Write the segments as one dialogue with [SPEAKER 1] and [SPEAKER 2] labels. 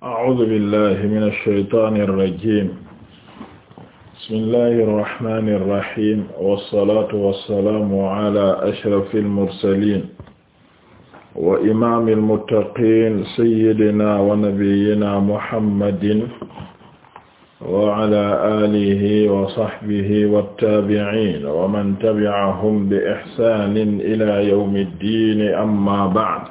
[SPEAKER 1] أعوذ بالله من الشيطان الرجيم بسم الله الرحمن الرحيم والصلاة والسلام على أشرف المرسلين وإمام المتقين سيدنا ونبينا محمد وعلى آله وصحبه والتابعين ومن تبعهم بإحسان إلى يوم الدين أما بعد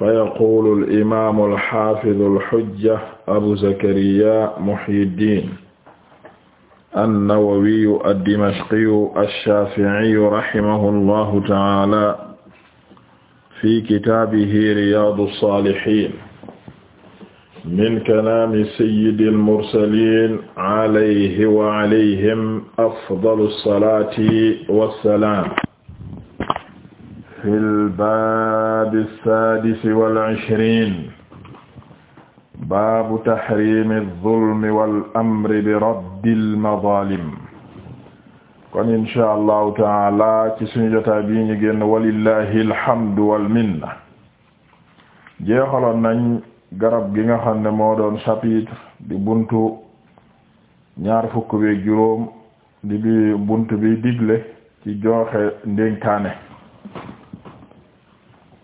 [SPEAKER 1] fayaqulu alimamu alxafidu alxujja abu zakariya muhyiddin annawawiyu addimashqiyu alshafiiyu rahimahu llahu taala fi kitaabihi riyadu alsalihin min kalaami sayyidi almursalin alayhi wa alayhim afdalu alsalati wassalaam fil baabi saadisi wal ishriin baabu wal amri bi raddil mazaalim kon insha allahu taala ci suñu jotaay bii ñu génn walillahi alhamdu wal minna jeexaloon nañ garab gi nga xam ne moo doon chapitre di buntu ñaar fukk beeg juróom di bi buntu bi digle ci joxe ndénkaane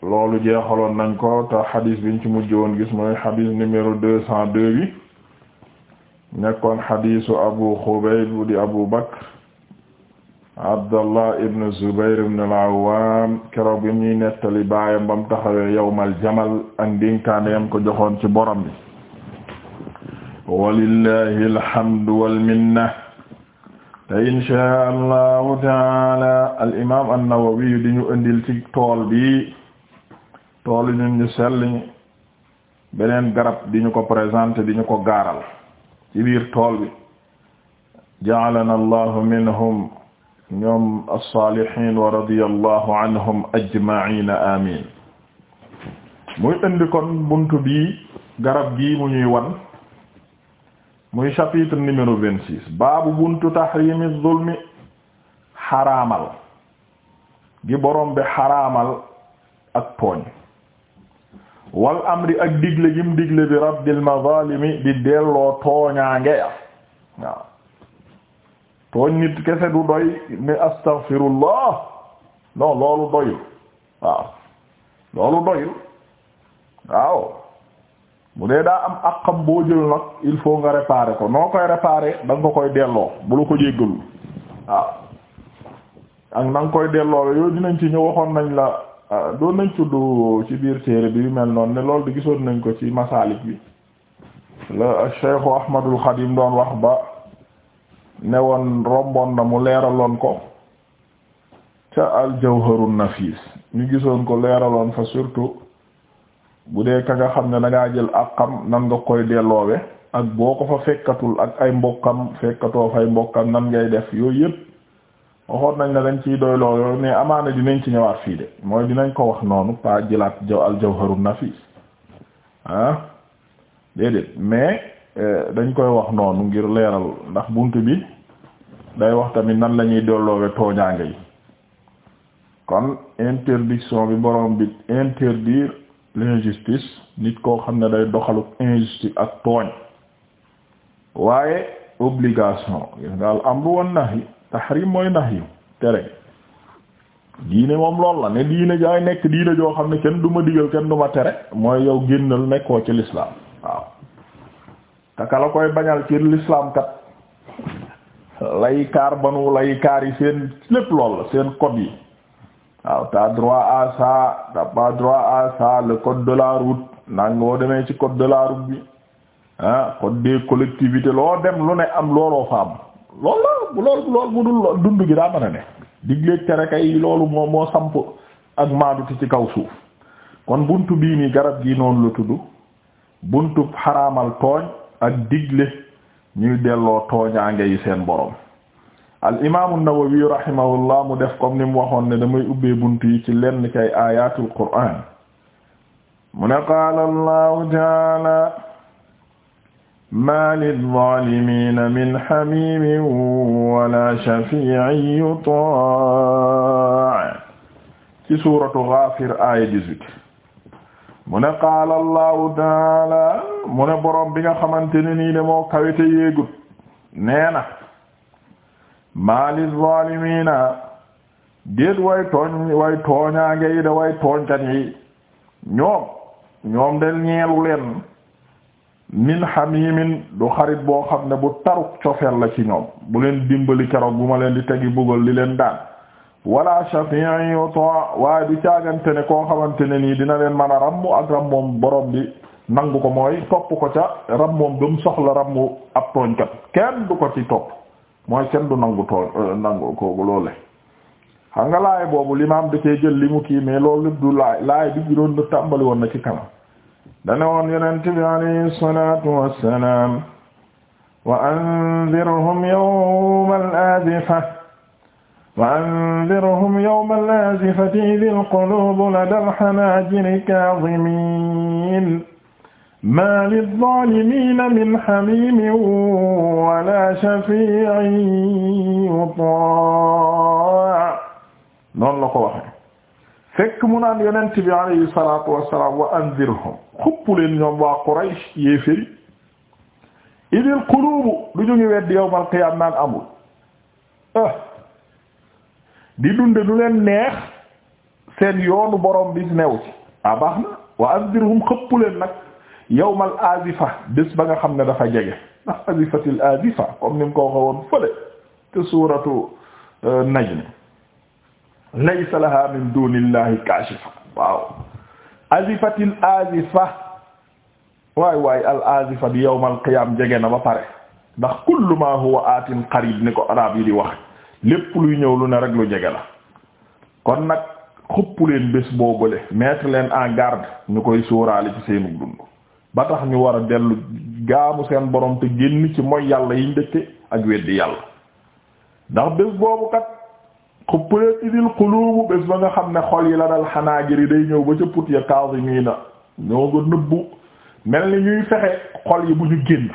[SPEAKER 1] loolu jeexaloon nañ ko te xadis biñ ci mujj woon gis mooy xadis numéro deux cent deux bi nekkoon xadisu abu xubayb di abu bakr abdallah ibn zubair ibn al-awwam keroog bi ñuy nettali baayam bam taxawee yawmal jamal ak ndénkaane yam ko joxoon ci borom bi walillahi alhamdu wal minna te inshaa allahu taala al imam an-nawawi di ñu andil ci tool bi toolu ñun ñu sell beneen garab di ñu ko présenté di ñu ko gaaral ci biir tool bi ja'alana allahu minhum ñoom as-salihin wa radiyallahu anhum ajma'in muy indi kon buntu bii garab gii mu ñuy wan muy chapitre numéro vingt-six baabu buntu tahrimi zulmi xaraamal gi boroom bi xaraamal ak tooñ wal amri ak digle gim digle bi raddil mazalimi di delloo tooñaange ya waaw tooñ nit kese du doy ne astaghfirullah non loolu doyul waaw loolu doyul waaw bu dee daa am akam boo jël nag il faut nga réparer ko noo koy réparer da koy delloo bu la ko jéggalul waaw ak na koy delloo yooyu dinañ ci ñu waxoon nañ la Ah, doon nañ tudd ci biir téere bi mel noonu ne loolu di gisoon nañ ko ci masaalik bi la Cheikhu Ahmadul Xadim doon wax ba ne woon romboon na mu leeraloon ko ca al jawharun nafis ñu gisoon ko leeraloon fa surtout bu dee ka nga xam ne dangaa ngaa jël akam nan nga koy delloowe ak boo ko fa fekkatul ak ay mbokkam fekkatoo fay mbokkam nan ngay def yooyu yëpp waxoon nañ la dañ ci doy looloo mais amaana dinañ ci ñëwaat fii de mooy dinañ ko wax noonu pas jëlaat jaw al jawharun nafis ah déedéet mais euh, dañ koy wax noonu ngir leeral ndax bunt bi day wax tamit nan la ñuy dolloowe tooñaange yi kon interdiction bi boroom bi interdire l'injustice nit koo xam ne day doxalu injustice ak tooñ waaye obligation gis nga al amru wan nahyi tahrim mooy nahyu tere diine moom lool la ne diine jaay nekk diine joo xam ne kenn duma ma digal kenn du ma tere mooy yow génnal nekkoo ci l'islam waaw te kala koy bañal ci l'islam kat lay kaar banu lay kaar yi seen lépp lool la seen code yi waaw t'as droit à ça droit à le code de la route naan demee ci code de la route bi ah code des collectivités loo dem lu ne am looloo fa loolu lool loolu loolu mu dul dund gi daa mën a ne digleeg tere kay loolu moo moo samp ak maaduti ci kaw suuf kon bunt bii nii garab gi noonu la tudd buntu xaraamal tooñ ak digle ñuy delloo tooñaange yi seen borom al imaamu Nawawi rahimahullah mu def comme ni mu waxoon ne damay ubbee bunt yi ci lenn ci ay ayatul qur'aan mu ne qaala allahu taala ma lilzalimina min hamimin wala shafi'in yutaa ci suratu Ghafir aya 18 mu ne qaala allahu taala mu ne boroom bi nga xamante ne nii de moo kawite yéegut nee na ma lilzalimina déet way tooñ way tooñaange yi da way tooñkat yi ñoom ñoom del ñeelu leen min hamimin du xarit boo xam ne bu taruk cofeel la ci ñoom bu leen dimbali keroog bu ma leen di tegi buggal li leen daan wala shafi'in yuta waaye du caagante ne koo xamante ne nii dina leen man a rammu ak rammoom boroom bi nangu ko mooy topp ko ca rammoom gëm soxla rammu ab tooñkat kenn du ko ci topp mooy kenn du nangu tooñ euh, nangu ko loole xam nga laay boobu am da cee jël li mu kii mais loolu lépp du laay laay bi doon tàmbali woon na ci kanam dane woon yonent bi alayhi salaatu wassalaam wa anzirhum yawmal aazifa wa anzirhum yawmal aazifati idil quluubu ladal hanaajiri kaazimiin maa lizzaalimiina min hamiimin walaa shafii'in yutaa' noonu la ko waxe fekk mu naan yonent bi alayhi salaatu wassalaam wa anzirhum xupp leen ñoom waa Quraysh yéeféri idil quluubu du ñu ngi wedd yawmal qiyaam naan amul ah di dunde du leen neex seen yoonu boroom bi new ci a ah, baax na wa anzirhum xëpp leen nag yawmal azifa bés ba nga xam ne dafa jege ndax azifatil azifa comme ni mu ko waxoon fële te suuratu euh, najm laysa laha min dunillahi kashifa waaw azifatil azifa waay waay al azifa bi yawmal qiyam jege na ba pare ndax kullu ma huwa atin qarib ni ko arab yi di wax lépp luy ñëw lu ne rek lu jege la kon nag xupp leen bés boobule mettre leen en garde ñu koy sóoraale ci seenu dund ba tax ñu war a dellu gaamu seen borom te génn ci mooy yàlla yiñ dëkke ak weddi yàlla ndax bés boobu kat xuppaleen idil bés ba nga xam ne xol yi la dal xanaagiri day ñëw ba ca put ya kaazimiina ñoo nga nëbbu mel ni ñuy fexe xol yi bu ñu génn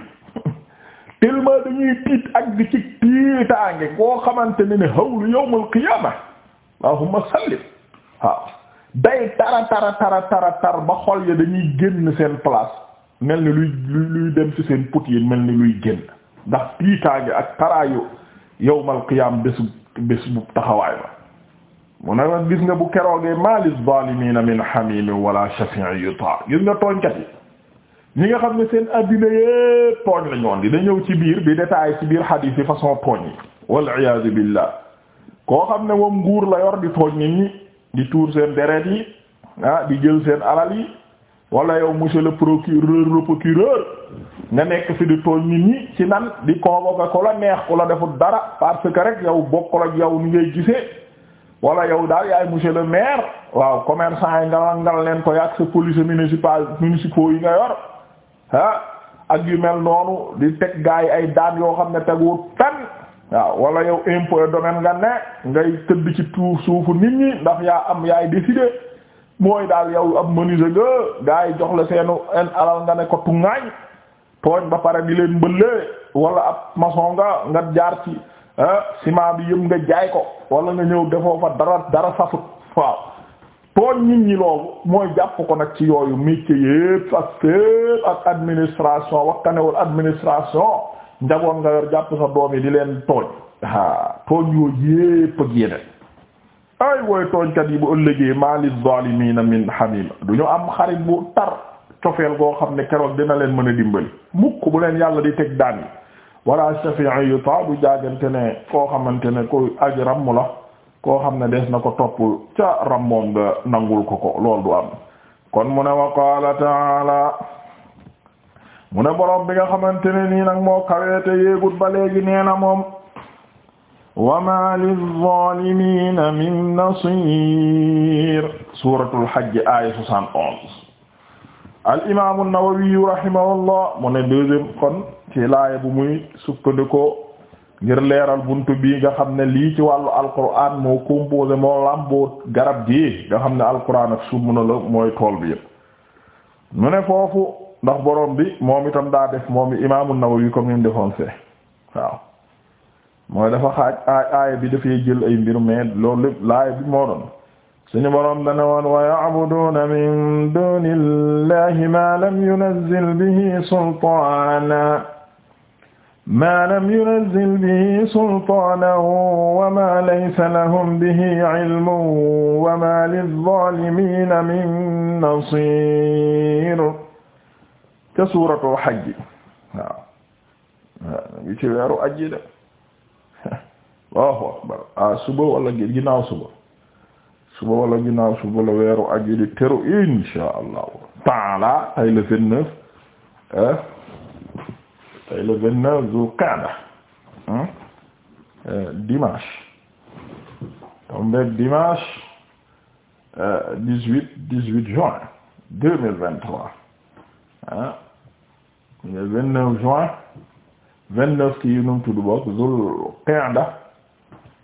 [SPEAKER 1] tellement dañuy tiit ak di ci tiitaange koo xamante ne ne hawlu yawmul qiyaama allahumma sallim waaw day tara tara tara tara tar ba xol ya dañuy génn seen place mel ni luy luy dem ci seen put yi mel ni luy génn ndax tiitaange ak taraayu yawmul qiyaam bésu bés bu taxawaay ba mu ne nag gis nga bu keroogee malis zalimina min hamim wala shafi'in yuta gis nga tooñkat yi ñi nga xam ne seen addina yépp tooñ la ñoon di da ñëw ci biir bi détail ci biir xadiis yi façon tooñ yi wal iyaazu billah koo xam ne moom nguur la yor di tooñ nit ñi di tuur seen deret yi ah di jël seen alal yi wala yow monsieur le procureur le nga nekk fi di tooñ nit ñi ci nan di convoquer ko la neex ku la deful dara parce que rek yow bokk ak yow ni ngay gise wala yow daal yaay monsieur le maire waaw commerçant yi ngal ngal leen ko yàgg sa police municipal municipaux yi nga yor ah ak yu mel noonu di teg gaa yi ay daan yoo xam ne teguwul tan waaw wala yow impôt domaine nga ne ngay tëdd ci tuuf suufu nit ñi ndax yaa am yaay décider. mooy daal yow ab menuisier nga gaa yi jox la seenu en alal nga ne ko tuŋaañ tooñ ba pare di leen mbëllee wala ab maçon nga nga jaar ci ah, ciment bi yëpp nga jaay ko wala nga ñëw defoo fa dara dara safut waaw tooñ nit ñi loolu mooy jàpp ko nag ci yooyu métier yëpp ak fépp ak administration wakkanewul administration njaboot nga jàpp sa doom yi di leen tooñ ah tooñ yooyu yëpp ak yeneen ay wooy tooñkat yi bu ëllëgee ma lil zalimina min hamim du ñu am xarit bu tar cofeel goo xam ne keroog dina leen mën a dimbali mukk bu leen yàlla di teg daan yi wala shafi'i yu ta du jaagante ne koo xamante ne ko ak ramm la koo xam ne des na ko topp ca rammoom nga nangul ko ko lool du am kon mu ne wa qaala taala mu ne boroom bi nga xamante ne nii nag moo kaweete yéegut ba léegi nee na moom wama lilzalimina min nasir suratul hajj aya soixante onze alimamu nawawiyu rahimahullah mu ne deuxième kon ci bu muy sukkandikoo ngir leeral buntu bii nga xam ne lii ci wàllu alquran moo composé moo làmboo garab gi nga xam ne alquran ak summuna la mooy tool bi yëpp mu foofu ndax borom bi moom itam daa def moom i imaamu nawawi ko ni mu waaw mooy dafa xaaj aaya bi dafay jël ay mbir mais loolu lépp laaya bi moo doon suñu boroom dana woon wa ya'buduuna min dunillahi ma lam yunazzil bihi sultaana ma lam yunazzil bihi sultaana wa ma laysa lahum bihi ilmun wa ma lizzaalimiina min nasiir ca suuratul hajj waaw ci weeru ajji de Allahu akbar ah suba wala ginnaaw suba suba wala ginnaaw suba la weeru aju di teru taala tay le vingt neuf tay le vingt neuf Dhoul Qi'dah euh, dimanche tombé euh, huit dix-huit juin deux mille vingt-trois le vingt neuf juin vingt neuf kii mu tudd bokk Zul Qa'da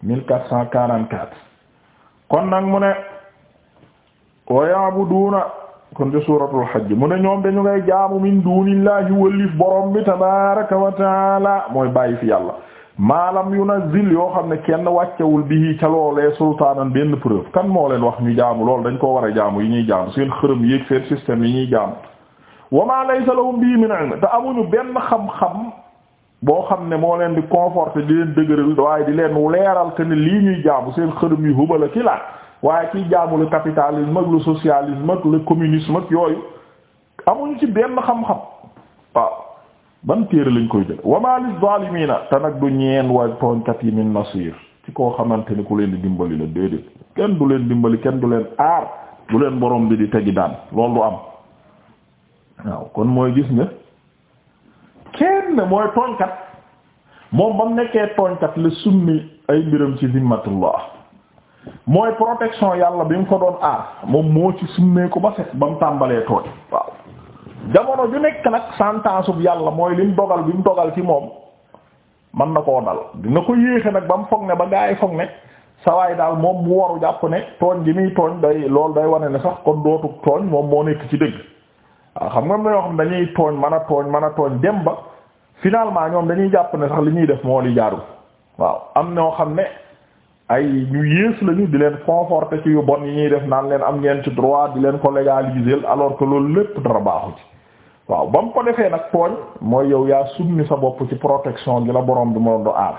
[SPEAKER 1] mille quatre cent quarante quatre kon nag mu ne wa na kon de suuratul hajj mu ne ñoom dañu ngay jaamu min dunillahi wëllif borom bi tabaraka wa taala mooy bàyyi fi yàlla maalam yunazzil yoo xam ne kenn wàccewul bi ca loolee sultaanan benn preuve kan moo leen wax ñu jaamu lool dañ ko war a jaamu yi ñuy jaamu seen xërëm yéeg seen système yi ñuy jaamu wa ma laysa lahum bi min ilm te amuñu benn xam boo xam ne moo leen di conforter di leen dëgëral waaye di leen leeral que ne lii ñuy jaamu seen xërëm yu hubala ki la waaye kiy jaamu le capitalisme ak le socialisme ak le communisme ak yooyu amuñu ci benn xam-xam waaw ban téere lañ koy jël wama lis zalimina te nag du ñeen way tooñkat yi min nasir ci koo xamante ni ku leen di dimbali la déedéet kenn du leen dimbali kenn du leen aar du leen borom bi di tegi daan loolu du am waaw kon mooy gis nga ne mooy tooñkat moom ba mu nekkee tooñkat la summi ay mbiram ci zimmatullah mooy protection yàlla bi mu ko doon aar moom moo ci summeeku ba set ba mu tàmbalee tooñ waaw jamono ju nekk nag sentence bu yàlla mooy lim dogal bi mu dogal ci moom man na koo dal dina ko yéexe nag ba mu foog ne ba gaa foog ne sawaay daal moom mu waru jàpp ne tooñ gi muy tooñ day lool day wane ne sax kon dootu tooñ moom moo nekk ci dëgg waaw xam nga ñoo xam dañuy tooñ mën a tooñ mën a tooñ dem ba finalement ñoom dañuy jàpp ne sax li ñuy def moo li waaw am ñoo xam ne ay ñu yées lañu di leen conforter ci yu bon yi ñuy def naan leen am ngeen ci droit di leen ko légaliser alors que loolu lépp dara baaxu ci waaw ba mu ko defee nag tooñ mooy yow yaa summi sa bopp ci protection gi la boroom bi moo do aar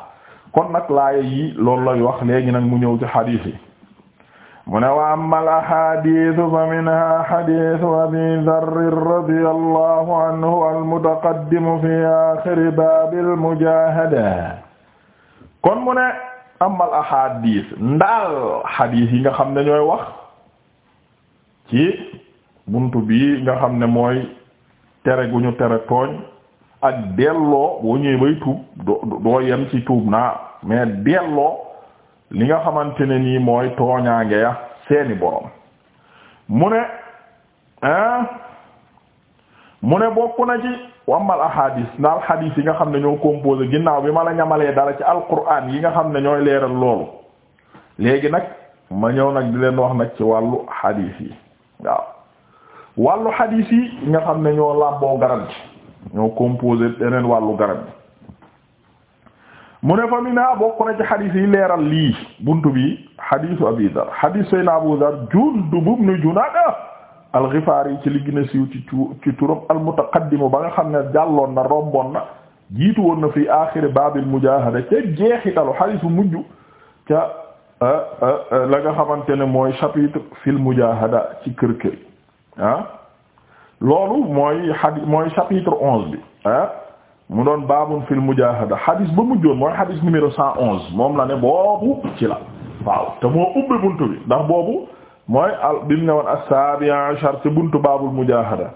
[SPEAKER 1] kon nag laaya yi loolu lay wax léegi nag mu ñëw ci xadiis yi mu ne wa ammal ahadisu fa minha hadisu abi darrin radiyallahu anhu almutaqaddimu fi axiri baabil mujaahada kon mu ne amal ahadis ndaal hadis yi nga xam ne ñooy wax ci bunt bi nga xam ne mooy tere gu ñu tere tooñ ak delloo boo ñëwee bay tuub doo yem ci tuub naa mais delloo li nga xamante ne nii mooy tooñaange ya seeni borom mu ne ah mu ne bokk na ci wamal ahadis ndaal hadis yi nga xam ne ñoo composé ginnaaw bi ma la ñamalee dara ci alquran yi nga xam ne ñooy leeral loolu léegi nag ma ñëw nag di leen wax nag ci wàllu hadis yi waaw wàllu hadis yi nga xam ne ñoo làmboo garab gi ñoo composé beneen wàllu garab gi mu ne fa minha bokk na ci xadis yi leeral lii bunt bi xadisu abi dar xadis sayna abu dar Jundub ibn Junaada al-Xifaari ci li gën ci ci turam al-mutaqaddim ba nga xam ne jàlloon na romboon na jiitu woon na fi aaxiri baabil mujaahada ca jeexitalu xadis bu mujj ca ah, ah, ah, la nga xamante ne mooy chapitre fil mujaahada ci kër kër loolu mooy xadis mooy chapitre onze bi ah. mu doon baabun fil mujaahada hadis ba mujjoon mooy hadis numéro cent onze moom la ne boobu ci la waaw te moo ubbi buntu bi ndax boobu mooy al bi mu ne woon as-saabi ashar ci buntu baabul mujaahada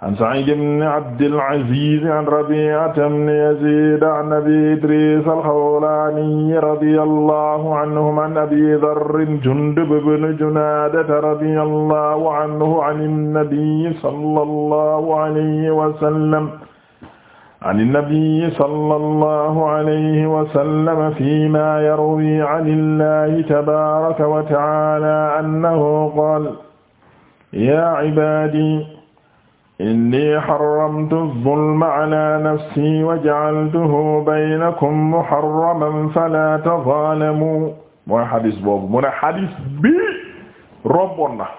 [SPEAKER 1] an Sa'iid ibn Abdil Aziz an Rabi'ata ibn Yaziid an Abi Idriis al-Xawlaani radiyallahu anhum an Abi Dharr Jundub ibn Junaada radiyallahu anhu an an-nabi sallallahu alayhi wa sallam an ilnabiyi sala allahu alayhi wasallama fi ma yarwi an illahi tabaraka wa taala annahu qaal ya cibadi inni xaramtu zulma ala nafsi wa jacaltuhu baynakum muharraman fala tazaalamuu mooy xadis boobu mu ne xadis bi romboon na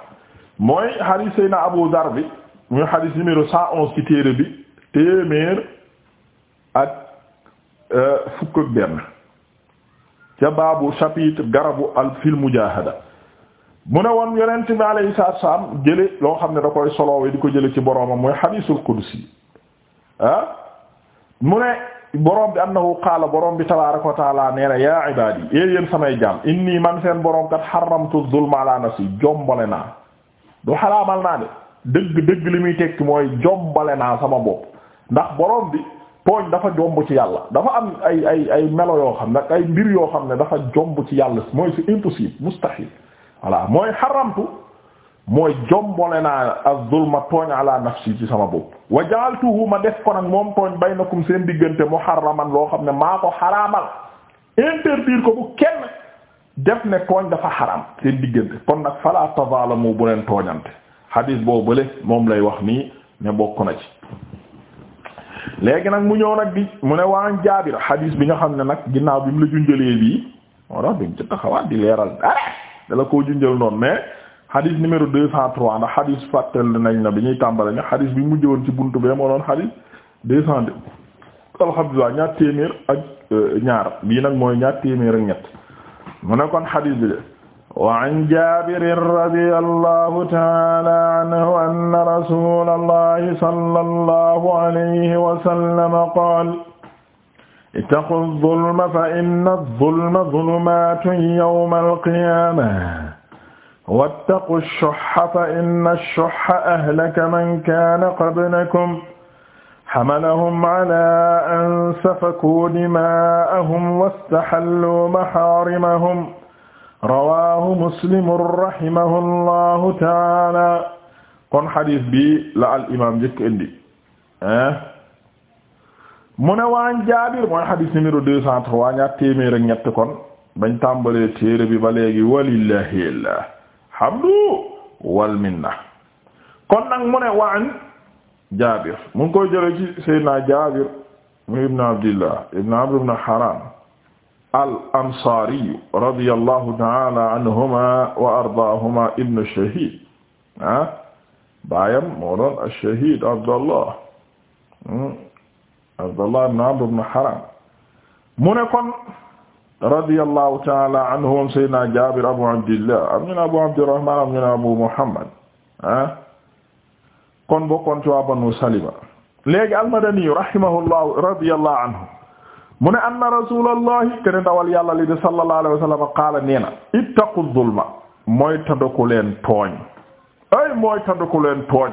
[SPEAKER 1] mooy xadis Seydina Abu Dar bi muy xadis numéro cent onze ci téere bi téeméer ak euh, fukk ak benn ca baabu chapitre garabu al fil mujahada mu ne woon yonent bi alayhi salaatu salaam jële loo xam ne da koy soloowe di ko jële ci boroomam mooy xadiisul qudsi ah mu ne boroom bi annahu qaala boroom bi tabaaraka wa taala nee na yaa ibaadi yéen yéen samay jaam inni man seen boroom kat xaramtu zulma ala nafsi jombale naa du xalaamal naa de dëgg dëgg li muy tekki mooy jombale naa sama bopp ndax boroom bi tooñ dafa jomb ci yàlla dafa am ay ay ay melo yoo xam ne ay mbir yoo xam ne dafa jomb ci yàlla mooy c'est impossible mustahil voilà mooy xaramtu mooy jombole naa az-zulma tooñ ala nafsi ci sama bopp wa ja'altuhu ma def ko nag moom tooñ baynakum seen diggante muharraman loo xam ne maa ko xaramal interdire ko bu kenn def ne tooñ dafa xaram seen diggante kon nag fala tazaalamu bu leen tooñante xadiis boobu bële moom lay wax nii ne bokk na ci léegi nag mu ñëw nag bi mu ne waa waan jaabir xadiis bi nga xam ne nag ginnaaw bi mu la junjalee bii moo tax duñ ci taxawaat di leeral dara dala koo junjal noonu mais xadiis numéro deux cent trois ndax xadiis fàttel nañ na bi ñuy tàmbale ne xadiis bi mu jëwoon ci buntu bee moo doon xadiis deux cent deux alhamdulilah ñaar téeméer ak euh, ñaar bii nag mooy ñaar téeméer ak ñett mu ne kon xadiis bi de وعن جابر رضي الله تعالى عنه أن رسول الله صلى الله عليه وسلم قال اتقوا الظلم فإن الظلم ظلمات يوم القيامة واتقوا الشح فإن الشح أهلك من كان قبلكم حملهم على أن سفكوا دماءهم واستحلوا محارمهم rawahu muslimu rahimahu llahu taala kon xadis bi la al imam njëkk indi ah mu ne waan jaabir mooy xadis numéro deux cent trois ñaar téeméer ak ñett kon bañ tàmbalee téere bi ba léegi walillahi alhamdu wal minna kon nag mu ne waan jaabir mu ngi koy jële ci mu ibn abdillah ibn amr ibn haram al ansaariyu radiyallahu ta'ala anhuma wa ardaahuma ibnu shahiid ah baayam moo doon ash-shahiid Abdallah hmm, Abdallah ibn Amr ibn Haram mu ne kon radiyallahu ta'ala anhum sayyidina Jaabir abu Abdillah am ñu ne abu Abdirrahmaan am ñu ne abu Muhammad ah kon bokkoon ci waa Banu Salima léegi al-Madani rahimahullah radiyallahu anhu mu ne anna rasulallahi kene dawal yàlla li di sallallahu alayhi wa sallam qaala nee na ittaqu zulma mooy tandaku leen tooñ ay mooy tandaku leen tooñ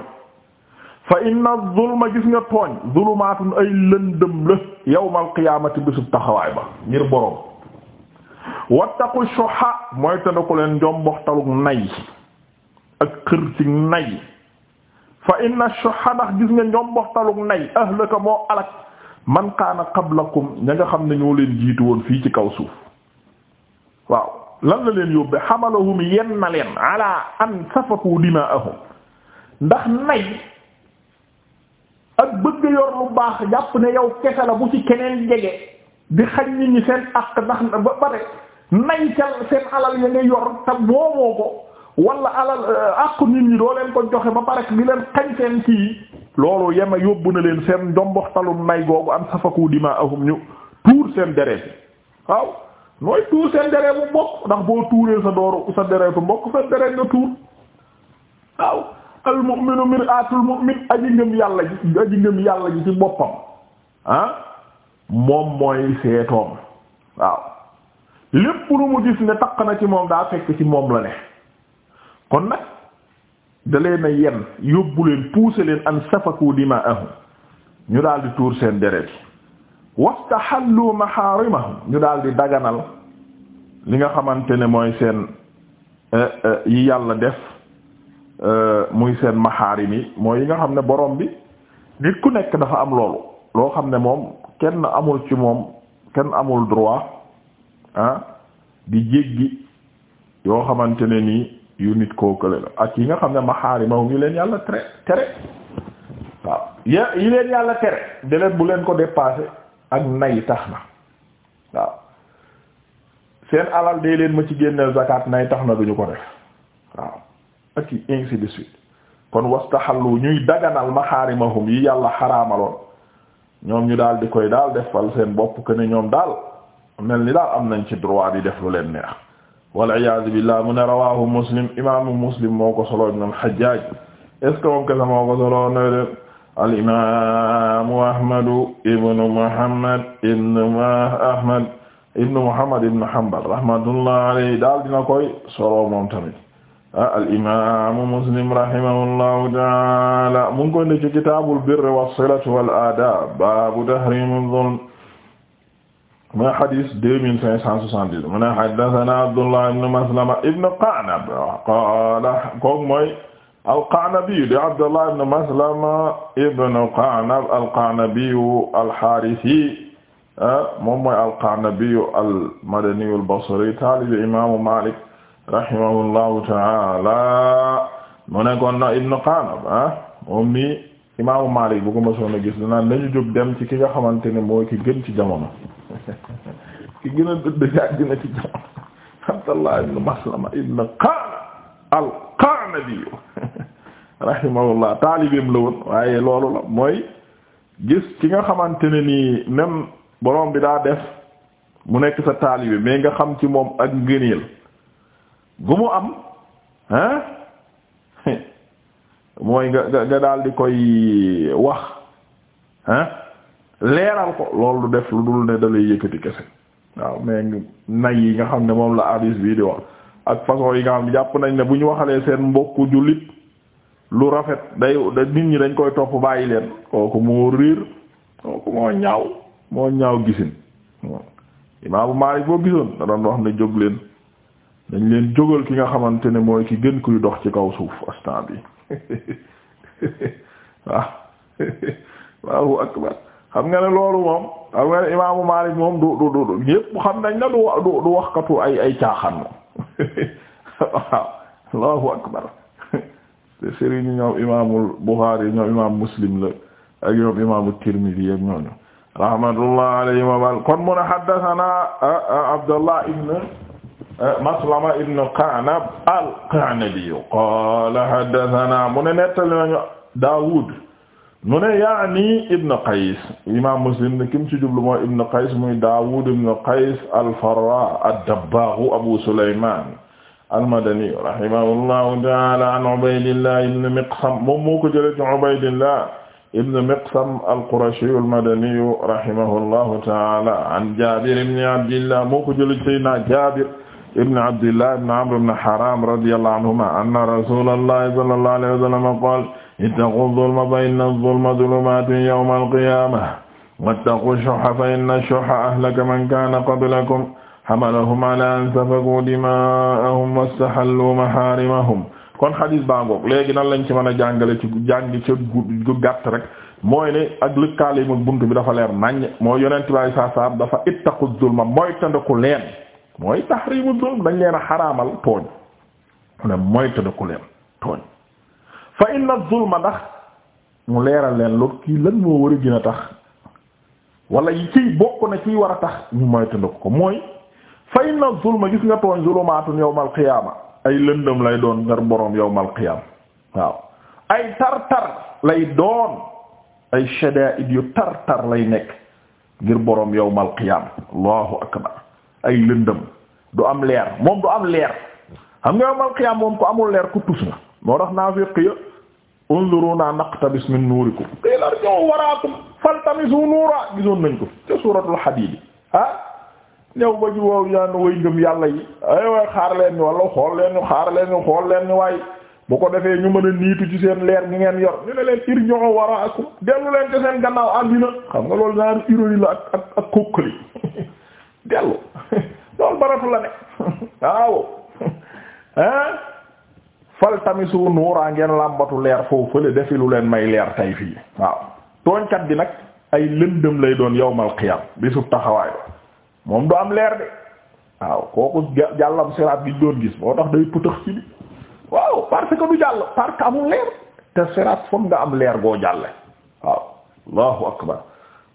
[SPEAKER 1] fa inna zulma gis nga tooñ zulumaatun ay lëndëm la yawmal qiyaamati bisub taxawaay ba ngir boroom wattaqu shuha mooy tandaku leen njomboxtaluk nay ak xër ci nay fa inna shuha ndax gis nga njomboxtaluk nay ahlaka moo alak man kaana qablakum ña nga xam ne ñoo leen jiitu woon fii ci kaw suuf waaw lan la leen yóbbee xamalahum yenn na leen ala an safaku dimaahum ndax nay ak bëgg yor lu ne yow kese la keneen jege di xañ ñi seen àq ndax ba pare nay ca seen alal ya nga yor te moomoo ko wala alal euh, àqu nit ñi doo leen ko joxe ba pare di leen xañ seen kii loolu yema yóbbu na leen seen njomboxtalum nay googu am safaku dima ahum ñu tuur seen deret waaw nooy tuur seen deret bu mbokk ndax boo tuuree sa dooru sa deretu mbokk sa deret nga tuur waaw al mu'minu mir'atul mu'min aji ngëm yàlla ji aji ngëm yàlla ji ci boppam ah moom mooy seetoom waaw lépp lu mu gis ne taq na ci moom daa fekk ci moom la ne kon nag da leen a yen yóbbu leen pousser leen an safaku dimaahum ñu daal di tuur seen deret yi wastahallu maharimahum ñu daal di daganal li nga xamante ne mooy seen eh, eh, yi yàlla def eh, muy seen maharim yi mooy yi nga xam ne borom bi nit ku nekk dafa am loolu loo xam ne moom kenn amul ci moom kenn amul droit ah di jéggi yoo xamante ne nii yu nit kookale la ak yi nga xam ne maxaarimahum yi leen yàlla tere tere waaw yi leen yàlla tere délet bu leen ko dépassé ak nay tax na waaw seen alal dee leen ma ci génneel zakat nay tax na duñu ko def waaw ak yi ainsi de suite kon wastaxallu ñuy daganal maxaarimahum yi yàlla xaraamaloon ñoom ñu daal di koy daal defal seen bopp que ne ñoom daal mel ni daal am nañ ci droit di def lu leen neex waliyasu billah mu ne rawahu muslim imamu muslim moo ko solo ibn al-Hajjaj est ce que moom kese moo ko solo na de alimamu ahmadu ibnu muhammad ibnu ahmad ibnu muhammad ibnu hanbal rahmatullah alayhi daal dina koy solo moom tamit alimamu muslim rahimahullahu taala mu ngi koy ne ci kitaabul birri was-silati wal aadab baabu tahriimi zulm ma hadis deux mille cinq cent soixante-dix mu ne haddathana Abdullah ibn Maslama ibn Qa'nab qala kooku mooy al-Qa'nabi di Abdullah ibn Maslama ibn Qa'nab al-Qa'nabi al-Harisi ah, moom mooy al-Qa'nabi al-Madani al-Basri taalibi imaamu Malik rahimahullahu ta'ala mu ne kon na ibn Qa'nab ah, moom mi imaamu Malik bu ko mosoon a gis dana nañu jóg dem ci ki nga xamante ne mooy ki gën ci jamono ki gën a dëdd yaa dina ci jàmm Abdallah ibn Maslama ibn Qa'na al-Qa'nabi rahimahullah taalibeem la woon waaye loolu la mooy gis ki nga xamante ni nii même borom bi daa def mu nekk sa taalibe mais nga xam ci moom ak ngëneel gu mu am ah mooy nga nga daal di koy wax ah leeral ko loolu def lu dul ne dalay yëkkati kese waaw mais nay yi nga xam ne moom la hadis bii di wax ak façon yi nga xam ne jàpp nañ ne bu ñu waxalee seen mbokku jullit lu rafet day nit ñi dañ koy topp bàyyi leen kooku moo riir kooku moo ñaaw moo ñaaw gisin imaamu Maalik boo gisoon da wax ne jóg leen dañ leen jógal ki nga xamante ne mooy ki gën kuy dox ci kaw suuf astan bi waaw waaw akbar xam nga ne loolu moom xam nga imaamu Maalik moom du du du ñépp xam nañ na du du waxkatu ay ay caaxaan waaw Allahu akbar te sëriñ ñoom imaamul Buxaari ñoom imaam Muslim la ak ñoom imaamu Tirmidi ak ñooñu rahmatullah alayhim wa kon mun a haddathana Abdullah ibn Maslama ibn Qa'nab al-Qa'nabi qala haddathana mu ne nettali nañu Daawud mu ne yaani Ibn Qays imaam Muslim ne kim ci jublu mooy Ibn Qays muy Daawud ibn Qays al-Farra ad-Dabbagh Abu Sulaymaan al-Madani rahimahullahu ta'ala an Ubaydillah ibn Miqsam moom moo ko jëlee ci Ubaydillah ibn Miqsam al-Qurashi al-Madani rahimahullahu ta'ala an Jaabir ibn Abdillah moo ko jëlee Seydina Jaabir ibn Abdillah ibn Amr ibn Haram radiyallahu anhuma anna Rasuulallahi sallallahu alayhi wa sallam qaala ittaqu zulma fa inna zulma zulumaatun yawmal qiyaama wattaqu shuhha fa inna shuhha ahlaka man kaana qablakum hamalahum alaa an safakuu dimaa'ahum wastahalluu mahaarimahum kon xadis baa ngoog léegi nan lañ ci mën a jàngale ci jàng ci gu gàtt rek mooy ne ak lëkkaale yi bunt bi dafa leer naññ mooy yonent bi saa saa dafa ittaqu zulma mooy tandaku leen mooy tahriimu zulm dañ leen a xaraamal tooñ mu ne mooy tandaku leen tooñ. fa inna zulma ndax mu leeral leen lool kii lan moo war a gën tax wala ci bokk na ci war a tax ñu moytandiku ko mooy fa inna zulma gis nga tooñ zulumaatun yawmal qiyaama ay lëndëm lay doon ngar boroom yawmal qiyaama waaw ay ay shadaa'id lay nekk ngir boroom yawmal qiyaama allahu lëndëm du am leer moom du am leer xam nga yawmal qiyaama moom ko amul leer ku tus nga moo tax naafiq ya unzuruna naqtabis min nuurikum qiila irji'u waraakum faltamisu nuura gisoon nañ ko ca suuratul hadiid ah ñëw ba ji wow ñaan way ngëm yàlla yi ay waay xaar leen ni wala xool leen ñu xaar leen ñu xool leen ñu waay bu ko defee ñu mën a niitu ci seen leer gi ngeen yor ñu ne leen irji'u waraakum dellu leen ca seen gannaaw àddina xam nga naa ñaari ironie la ak ak ak kókkali dellu loolu baratu la ne waaw ah fal faltamisu nuuraa ngeen làmbatu leer foofu fële defi lu leen may leer tay fii waaw tooñkat bi nag ay lëndëm lay doon yawmal qiyam bisu taxawaay moom du am leer de waaw kooku bi doon gis moo tax day pëtëx ci bi waaw parce que du am leer goo jàlle waaw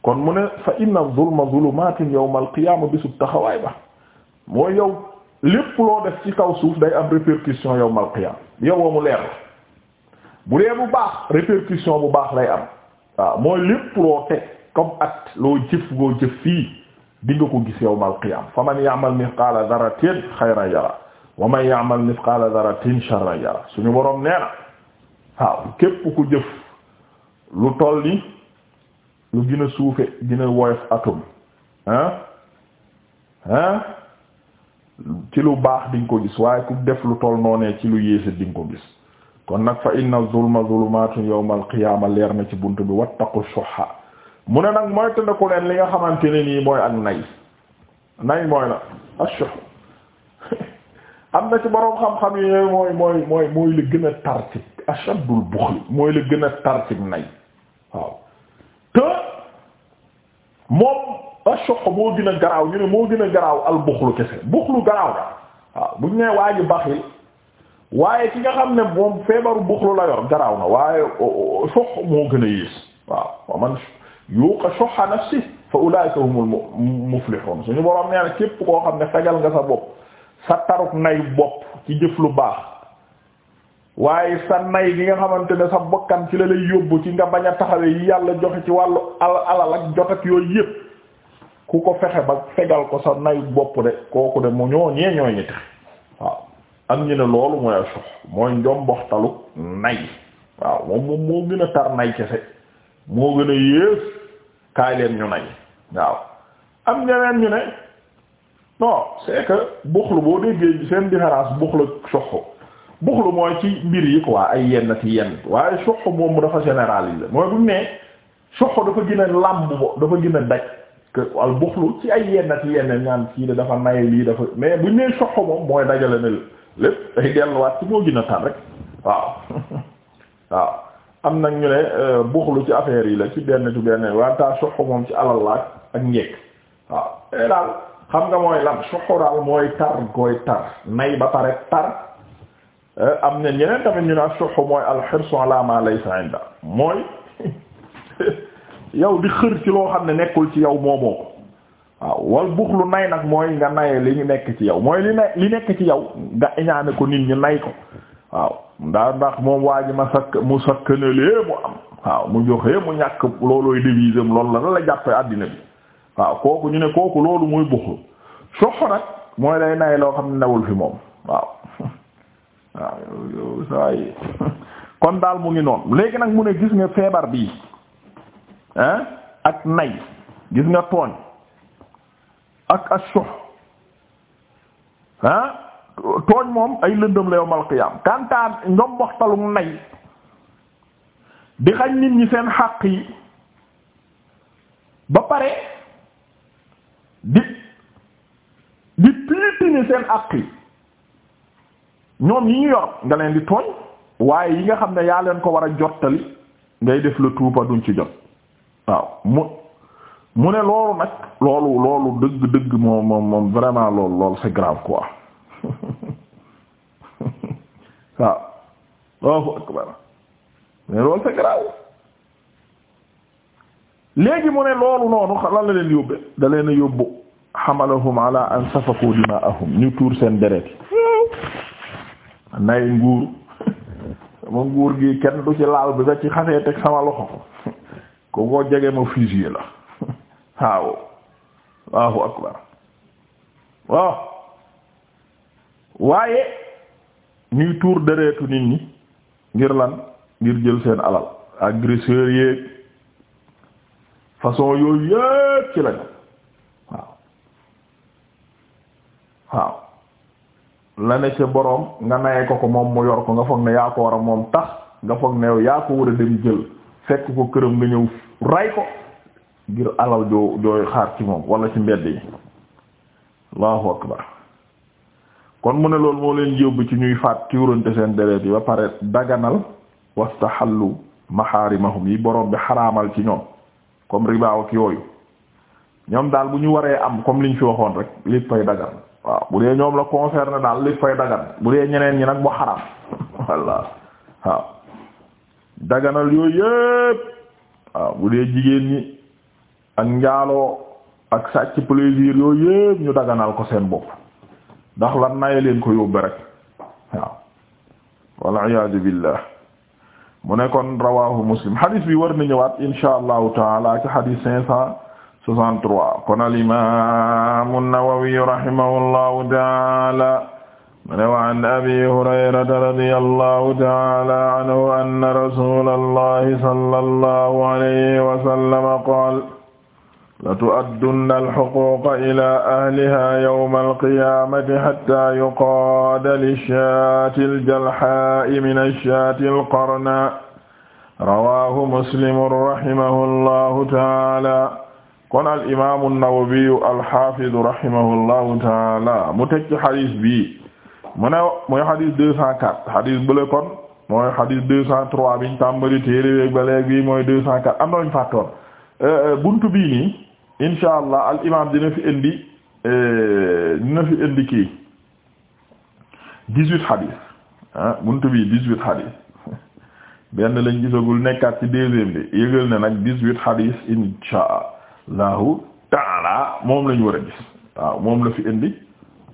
[SPEAKER 1] kon mu ne fa inna zulma zulumatin yawmal qiyam bisu taxawaay ba mooy yow lépp loo def ci kaw suuf day am répercussion yawmal qiyaam yow mu leer la bu dee bu baax répercussion bu baax lay am waaw mooy lépp loo teg comme at loo jëf goo jëf fii di ko gis yawmal qiyaam fa man ya'mal mithqaala dharratin khayran yara wa man ya'mal mithqaala dharratin sharran yara suñu woroom nee na waaw képp ku jëf lu toll ni lu gën a suufe gën a woyof atum ah ah ci lu baax dinga ko gis waaye ku def lu toll noonee ci lu yéesit dinga ko gis kon nag fa inna zulma zulumatun yawmal qiyaama leer na ci bunt bi wattaqu shuhha mu ne nag mooy tëndaku leen li nga xamante ne nii mooy ak nay nay mooy la ashuh am na ci boroom xam-xam yi mooy mooy mooy la gën a tar ci ashaddul buxli mooy la gën a tar nay waaw te moom ashoq moo gën a garaaw ñu ne moo gën a garaaw al buxlu kese buxlu garaaw la waaw bu ñu nee waa ji baxil waaye ki nga xam ne moom feebaru buxlu la yor garaaw na waaye shoq moo gën a yées waaw wa man yuqa shuhha nafsihi fa ulaa'ika humul muflihun suñu borom nee na képp koo xam ne fegal nga sa bopp sa taruk nay bopp ci jëf lu baax waaye sa nay gi nga xamante ne sa bokkan ci la lay yóbbu ci nga bañ a taxawee yàlla joxe ci wàllu alal ak jot yooyu yépp ku ko fexe ba fegal ko sa nayu bopp de kooku de mu ñoo ñee ñooy ñi waaw am ñu ne loolu mooy a sox mooy njomboxtalu nay waaw moom moo gën a tar nay kese moo gën a yées kaay leen ñu nay waaw am ñeneen ñu ne non c'est que buxlu boo déggee seen différence buxlu soxu yi yenn ci yenn waaye soxu moom mu dafa généraliser mooy bu nee soxu dafa gën a làmb dafa gën a daj que al buxlu ci ay yenn ci yenn ñaan kii dafa maye lii dafa mais buñ nee sox moom mooy dajale na lépp day delluwaat ci moo gën a tar rek waaw waaw am nag ñu ne euh, buxlu ci affaire yi la ci benn ci benn waataa sox moom ci alal laaj ak njekk waaw te daal xam nga mooy lan soxu daal mooy tar koy tar nay ba pare tar euh, am na ñeneen tamit ñu ne sox mooy al hirsu ma laysa inda mooy. yow di xër ci loo xam ne nekkul ci yow moomoo ko waaw wal buxlu nay nag mooy nga nay li nekk ci yow mooy li li nekk ci yow nga iñaane ko nit ñi nay ko waaw ndaa ndax moom waa ji ma sakk mu sakkanalee mu am mu joxee mu ñàkk loolooy loolu la la la àddina bi waaw kooku ñu ne kooku loolu muy buxlu soxo nag loo xam ne fi moom waaw daal mu ngi noonu léegi nag mu ne gis nga feebar bii Ah, ak nay gis nga tooñ ak ashoh ah tooñ moom ay lëndëm la yowmal qiyam kantaan ñoom boxtalum nay di xañ nit ñi seen xàq yi ba pare di di piétiner seen àq yi ñoom yi ñu yor nga leen di tooñ waaye yi nga xam ne yaa leen ko war a jottali ngay def le tout ba duñ ci jot mu mu ne loolu nag loolu loolu dëgg dëgg moom moom moom vraiment loolu loolu c'est grave quoi waaw Allahu akbar mais loolu c'est grave léegi mu ne loolu noonu lan la leen yóbbe da leen a yóbbu xamalahum ala an safaku dimaahum ñu tuur seen deret yi nay nguur sama nguur gi kenn du ci laal bi nga ci xasee teg sama loxo ku ko jege ma fusier la waaw Allahu akbar waaw oh. waaye ñuy tuur deretu nit ñi ngir lan ngir jël seen alal agresseur yéeg façon yooyu yépp ci lañu waaw waaw la boroom nga naye ko ko moom mu yor ko nga foog ne yaa ko war a moom tax nga foog ne yaa ko war dem jël fekk ko këram nga ñëw ray ko ngir alal joo jooy xaar ci moom wala ci mbedd yi allahu akbar kon mu ne loolu moo leen yóbbu ci ñuy faat tuurante seen deret yi ba pare daganal wastaxallu maxaarimahum yi boroom bi xaraamal ci ñoom comme ribaaw ak yooyu ñoom daal bu ñu waree am comme liñ fi waxoon rek lépp fay dagan waaw bu dee ñoom la concerné daal lépp fay dagan bu dee ñeneen ñi nag mu xaraam walla waaw daganal yooyu yépp waaw bu dee jigéen ñi ak njaaloo ak sàcc plaisir yooyu yépp ñu daganal ko seen bopp ndax lan naye leen ko yóbbe rek waaw waliyasu billah mu ne kon rawahu muslim hadis bi war na ñëwaat insha allahu taala ci hadis cinq cent soixante-trois kon al imam an-Nawawi rahimahullahu taala mane wa an abi hurayrata radiyallahu ta'ala anhu anna rasulallahi sallallahu alayhi wa sallam qaala latu'addunna al-huquuqa ilaa ahlihaa yawma al-qiyaamati hattaa yuqaada lish-shaati al-jalhaa'i mina sh-shaati al-qarnaa' rawaahu muslimun rahimahullahu taala kon al imaamu nawawiyu alxaafidu rahimahullahu taala mu teg ci xadiis bi mu ne mooy xadis deux cent quatre xadis bële kon mooy xadis deux cent trois biñ tàmbali téere ba léegi mooy deux cent quatre am na ñu fàttoon euh, euh, buntu bii nii insha allah al imam dina fi indi euh, dina fi indi kii dix-huit xadis ah buntu bii dix-huit xadis benn lañ gisagul nekkaat ci deuxième bi yëgal na nag dix-huit xadis insha allahu taala moom lañu war a gis waaw moom la fi indi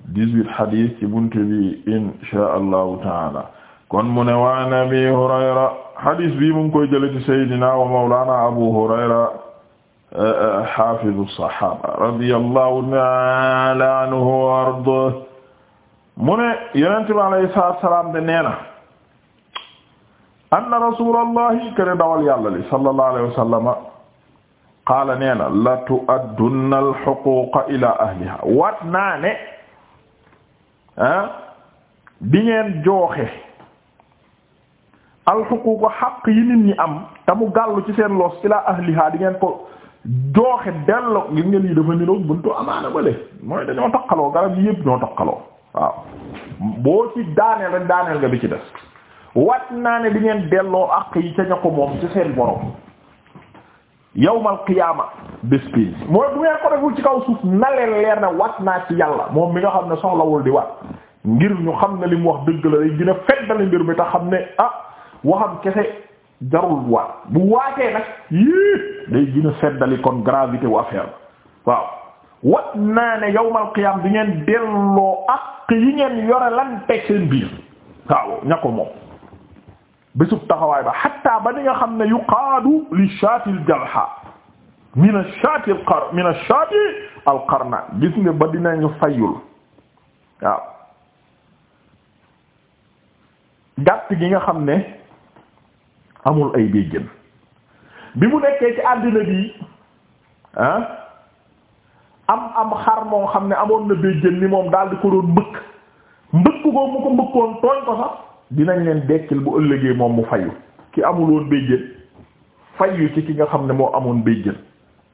[SPEAKER 1] dix-huit xadis ci buntu bi insha allahu taala kon mu ne wa an abi hurayra xadis bi mu ngi koy jële ci saydina wa mawlana abu hurayra xafidu sahaba radiyallahu taala anhu wa ardah mu ne yonente bi alayhi salaatu salaam de nee na anna rasulallahi kene dawal yàlla li sallallahu alayhi wa sallama qaala nee na la tu'addunna al-huquuqa ila ahliha wat naa ne ah di ngeen jooxe alxuquq xaq yi nit ñi am te mu gàllu ci seen los ila ahliha di ngeen ko jooxe delloo gis ngeen yi dafa niroog buntu amaana bale mooy dañoo taqaloo garab yi yépp ñoo taqaloo waaw boo ci daaneel rek daaneel nga bi ci des wat naa ne di ngeen delloo àq yi ca ña ko moom ci seen borom yawmal qiyaama bés bi mooy bu ngeen ko deful ci kaw suuf na leen leer na wat naa ci yàlla moom mi nga xam ne soxlawul di wat ngir ñu xam ne li mu wax dëgg la day gën feddali mbir mi te xam ne ah waxam kese jarul waat bu waatee nag yii day gën a feddali kon gravité waaw wat naa ne yawmal qiyaama di ngeen delloo ak yi ngeen yore lan teg seen biir waaw ña ko moom bésub taxawaay ba xatta ba di nga xam ne yuqaadu li shaati al jalha min ash-shaati al qar min ash-shaati al qarna gis nga ba dinañu fayul waaw gàtt gi nga xam ne amul ay béjjën bi mu nekkee ci àddina bi ah am am xar moo xam ne amoon na béjjën ni moom daal di ko doon mbëkk mbëkk ko mu ko mbëkkoon tooñ ko sax dinañ leen dekkil bu ëllëgee moom mu fayu ki amuloon béjjén fayu ci ki nga xam ne moo amoon béjjén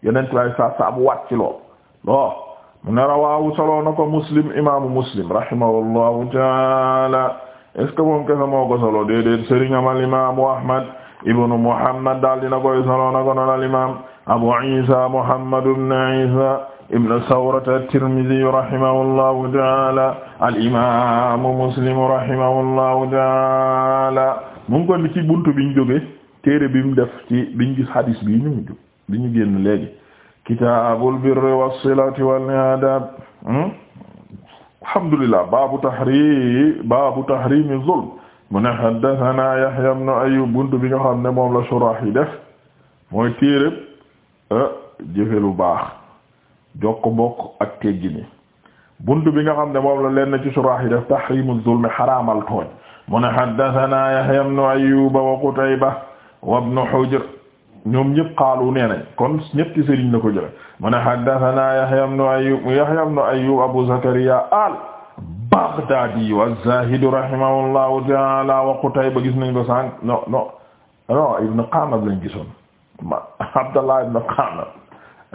[SPEAKER 1] yeneen tubaab yi saa saa am waat ci lool bon a rawaahu solo na ko muslim imaamu muslim rahimahullahu taala est ce que kese moo ko solo déedéet sëriñam al imaamu ahmad na ko imaam abu isa muhammad ibn isa ibnu Sawrata at-Tirmidhi rahimahullahu ta'ala al-imaamu Muslim rahimahullahu ta'ala mu ngi kon ci buntu bi ñu jóge téere bi mu def ci biñ gis hadis bi ñu ngi jóg bi ñu génn léegi kitaabul birri was-silati wal adab hmm? alhamdulillah baabu tahrim baabu tahrimi zulm mu ne haddathana Yahya ibn Ayyub buntu bi nga xam ne moom la shurah yi def mooy téere eh, jëfe lu baax jokk mbokk ak teggini buntu bi nga xam ne moom la leen ci surah yi def tahrimu zulmi xaraamal tooñ mu ne haddathana Yahya ibn Ayyub wa Qutayba wa ibn Hujr ñoom ñëpp xaalu nee nañ kon ñetti sëriñ la ko jële mu ne haddathana Yahya ibn Ayyub Yahya ibn Ayyub Abu Zakariya al-Baghdadi wa az-Zahid rahimahullahu ta'ala wa Qutayba gis nañ ko sànq non non non ibn Qanab lañ gisoon ibn Qanab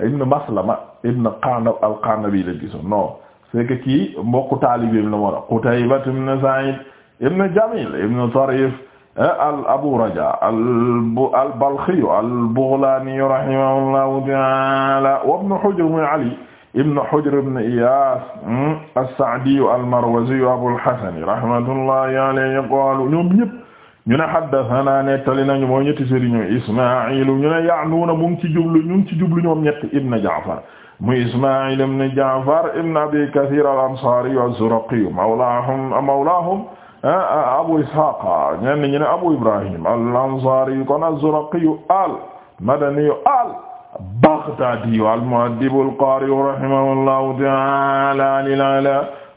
[SPEAKER 1] ibn Maslama ibn Qanab al-Qanabi la gisoon non c'est que kii mbokk taalibeem la war a Qutayba ibn Sa'id ibn Jamil ibn Tarif eh, al Abu Raja al-Balkhi al-Baghlani rahimahullahu ta'ala wa ibn Hujr ibn Ali ibn Hujr ibn Iyas hmm, as-Sa'di al-Marwazi Abul Hasan rahmatullahi alayhi qalu ñoom ñépp ñu ne haddathana nettali nañu moo ñetti sëriñu Ismaa'iil ñu ne ya'nuuna mu ngi ci jublu ñu ngi ci jublu ñoom ñett ibn Ja'far mu Ismaa'iil ibn Ja'far ibn Abi Kathiir al-Ansaari az-Zuraqi mawlaahum mawlaahum ah, ah, Abu Ishaaq ñenn ñi ne Abu Ibraahiim al-Ansaari kon az-Zuraqi al-Madani al-Baghdaadi al-Mu'addib al-Qaari rahimahullahu ta'aala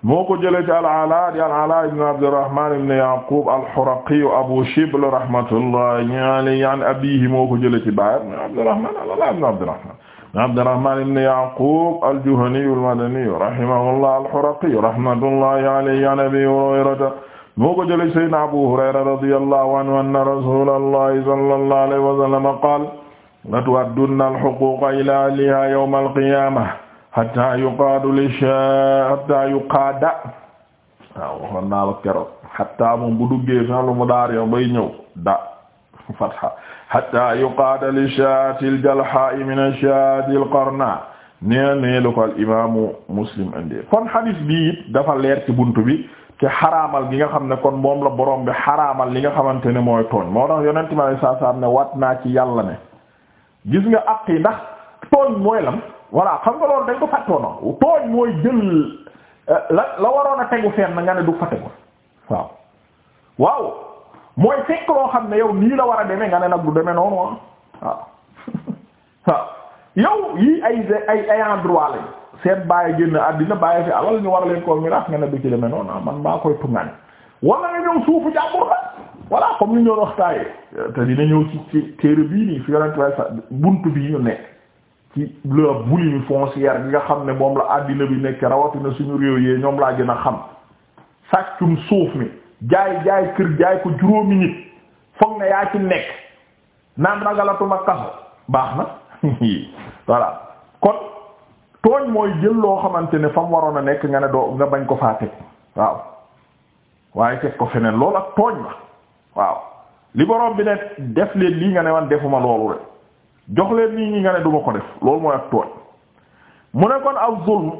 [SPEAKER 1] moo ko jëlee ci al-Alaa di al-Alaa ibn Abdurrahmaan ibn Yaquub al-Huraqi Abu Shibl rahmatullahi alayhi an abiihi moo ko jëlee ci baayam ibn Abdurrahmaan al-Alaa ibn Abdurrahmaan Abdurrahmaan ibn Yaquub al-Juhani al-Madani rahimahullah al-Huraqi rahmatullahi alayhi an Abi Hurayrata moo ko jëlee ci Sayyidinaa Abu Hurayra radiyallahu anhu anna rasuulallahi sallallahu alayhi wa sallam qaala latu'addunna al-huquuqa ilaa ahlihaa yawma al-qiyaamah hatta yuqaadu li shaa hatta yuqaada waaw waxoon naa la keroog hatta bu duggee fi'l mudaari bay ñëw da fatha hatta yuqaada li shaatil jalhaa'i min shaatil qarnaa nee nee lu ko al muslim indi kon hadis bi dafa leer ci buntu bi te xaraamal gi nga xam ne kon moom la borom bi xaraamal li nga xamante ne mooy tooñ moo tax yonent ma saa saa ne waat naa ci yàlla ne gis nga àq ndax tooñ mooy lam voilà xam nga loolu dañ ko fàttoona tooñ mooy jël euh, la la waroon a tegu na nga ne du fa tegu waaw waaw mooy fekk loo xam ne yow nii la war a demee nga ne nag du demee noonu ah. waaw waaw yii ay ay ay endroit lañ seen bàyyi génn àddina bàyyi fi alal ñu war leen koo miraas nga ne du ci demee noonu ah, man maa koy tungaane wala nga ñëw suufu jàmbur la voilà comme ni ñoo waxtaayee te dina ñëw ci ci téere bii nii fi yonent way sa buntu bii ñu nekk ci la boulimie foncière bi nga xam ne moom la àddina bi nekk rawatina suñu réew yee ñoom laa gën a xam sàccum suuf mi jaay jaay kër jaay ko juróomi nit foog na yaa ci nekk naan ragalatuma kaso baax na voilà kon tooñ mooy jël loo xamante ne fa waroon a nekk nga ne doo nga bañ ko faa teg waaw waaye teg ko feneen loolu ak tooñ la waaw li bi ne def leen lii nga ne wan defuma loolu rek jox leen nit ñi nga ne du ko def loolu mooy ak tooñ mu ne kon ak zulm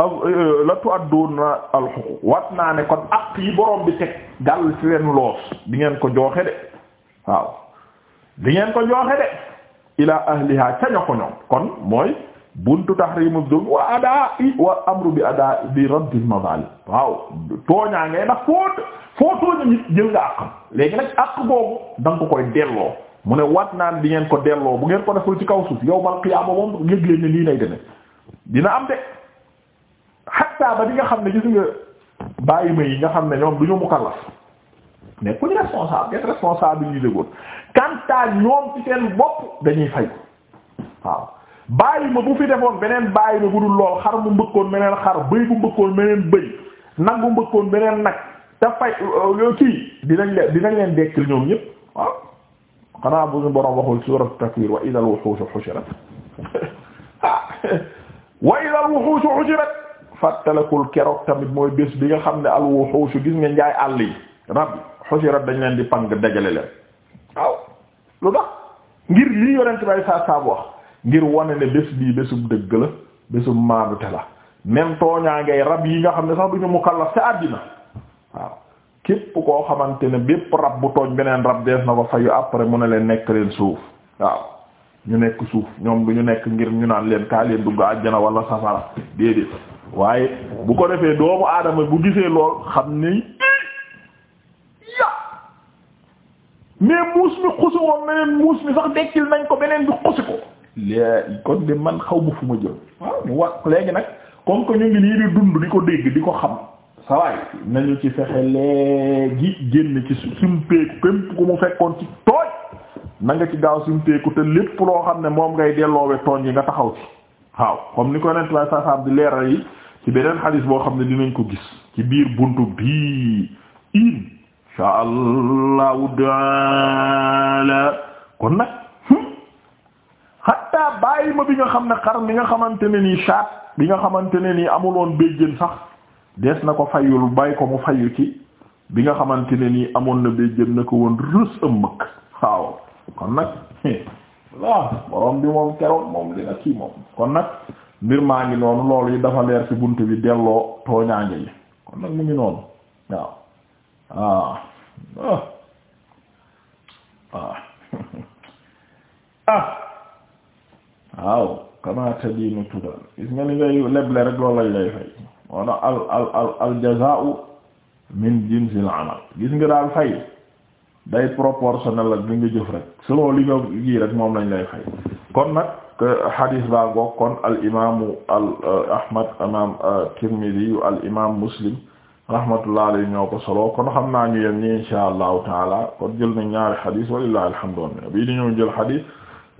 [SPEAKER 1] euh, la tu'adduna al huquq wat naa ne kon ak yi borom bi teg gàll ci leen loos di ngeen ko jooxe de waaw di ngeen ko jooxe de ila ahliha ca ko ñoom kon mooy buntu tahrimu zulm wa i wa amru bi adaa bi raddil mazalim waaw tooñaa ngay ndax foo foo nit jël nga àqam léegi nag àq boobu danga ko koy delloo mu ne wat naan bi ngeen ko delloo bu ngeen ko deful ci kaw suuf yawmal qiyaama moom yëg leen ne lii lay demee dina am de hatta ba di nga xam ne gis nga bàyyi ma yi nga xam ne ñoom du ñu mukallaf mais ku ñu responsable ngeen responsabilité goon quant ñoom ci seen bopp dañuy fay waaw bàyyi ma bu fi defoon beneen bàyyi ma bu dul lool xar mu mbëkkoon meneen xar bëy bu mbëkkoon meneen bëy nag bu mbëkkoon beneen nag te fay euh, kii dinañ leen dinañ leen dekkil ñoom ñépp xanaa bu ñu borom waxul suuratu takwir wa idal wuxuusu wuxuusu xushirat fàttalikul keroog tamit mooy bés bi nga xam ne al wuxuusu gis nga njaay àll yi rab xushirat dañ leen di pang dajale leen waaw lu tax ngir lii yonent bay saa saabu wax ngir wane ne bés bii bésub dëgg la bésub maadute la même tooñaa rab yi nga xam ne sax duñu mukallaf ca àddina waaw képp koo xamante ne bépp rab bu tooñ beneen rab dees na ko fayu après mu a leen nekk leen suuf waaw ñu nekk suuf ñoom du ñu nekk ngir ñu naan leen kaa leen dugg àjjana wala safara déedéet waaye bu ko defee doomu aadama bu gisee lool xam ni ya muus mi xusi woon beneen muus mi sax dekkil nañ ko beneen bi xusi ko léegi kon de man xaw ma fu ma jëm waaw ñu wax léegi nag kon que ñu ngi nii di dund di ko dégg di ko xam sawaay nañu ci fexe léegi génn ci simpeeku képp ku mu fekkoon ci tooñ na nga ci gaaw simpeeku te lépp loo xam ne moom ngay delloowe tooñ yi nga taxaw ci waaw comme ni ko nent way sasab di leeral yi ci beneen xadis boo xam ne dinañ ko gis ci biir buntu bii insha allahu taala kon nag xatta hmm, bàyyi ma bi nga xam ne xar mi nga xamante ne nii shaat bi nga xamante ne nii amuloon béjjén sax des na ko fayul bay ko mu fayu ci bi nga xamante ne nii amoon na béjjën na ko woon rës ëmmëg waaw kon nag waaw bi moom keroog moom dina kii moom kon nag mbir maa ngi noonu loolu yi dafa leer ci bunt bi delloo tooñaange yi kon nag mu ngi noonu waaw ah. Ah. Ah. waaw waaw waaw kamaata diinu tuddal gis nga ni ngay leble rek loolu lay lay fay wona al al al al jazaa'u min jinsil amal gis nga daal fay day proportionnel ak li nga jëf rek selon li nga ji rek moom lañ lay fay kon nag xadis baa ngoog kon al imaamu al euh, ahmad imaam euh, tirmidi al imaam muslim rahmatullah alayhi ñoo ko solo kon xam naa ñu yem ñi insha allahu taala kon jël na ñaari xadis walillahi alhamdu bii di ñëw jël xadis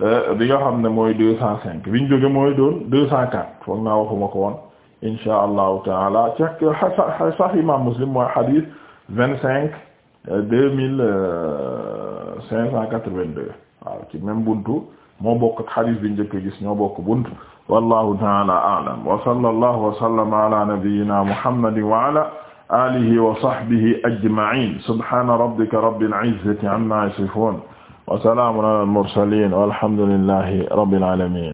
[SPEAKER 1] euh, bi nga xam ne mooy deux cent cinq bi ñu jóge mooy doon deux cent quatre foog naa waxuma ko woon insha allahu taala cek sax imam muslim mooy hadith vingt cinq euh, deux mille euh, cinq cent quatre-vingt-deux waaw ci même buntu moo bokk ak hadith bi njëkk gis ñoo bokk buntu wallahu taala a'lam wa sallallahu wa sallama ala nabiyyina muhammadin wa ala alihi wa sahbihi ajma'in subhana rabbika rabbil izzati amma yasifun wa salamun ala al mursalin walhamdulillahi rabbil alamin